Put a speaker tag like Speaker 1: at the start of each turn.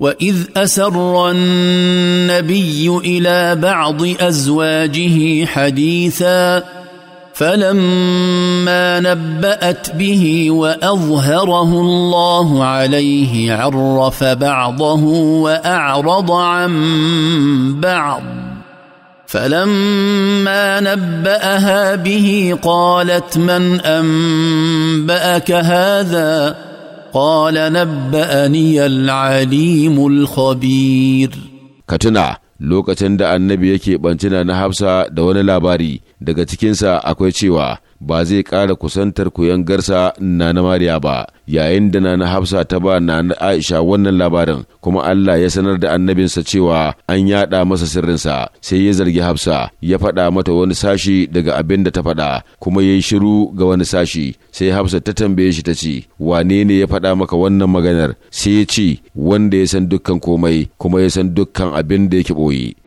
Speaker 1: واذ اسر النبي الى بعض ازواجه حديثا فلما نبات به واظهره الله عليه عرف بعضه واعرض عن بعض فلما نباها به قالت من انباك هذا قال نبأني العليم
Speaker 2: الخبير كتنا lokacin da annabi yake ɓancina na hafsa da wani labari daga cikinsa akwai cewa ba zai ƙara kusantar koyon garsa na na Mariya ba yayin da na Hafsa ta ba na Aisha wannan labarin kuma Allah ya sanar da annabinsa cewa an yaɗa masa sirrinsa sai ya zargi Hafsa ya faɗa mata wani sashi daga abin da ta faɗa kuma ya yi shiru ga wani sashi sai Hafsa ta tambaye shi ta ce wane ne ya faɗa maka wannan maganar sai ya ce wanda ya san dukkan komai kuma ya san dukkan abin da yake ɓoye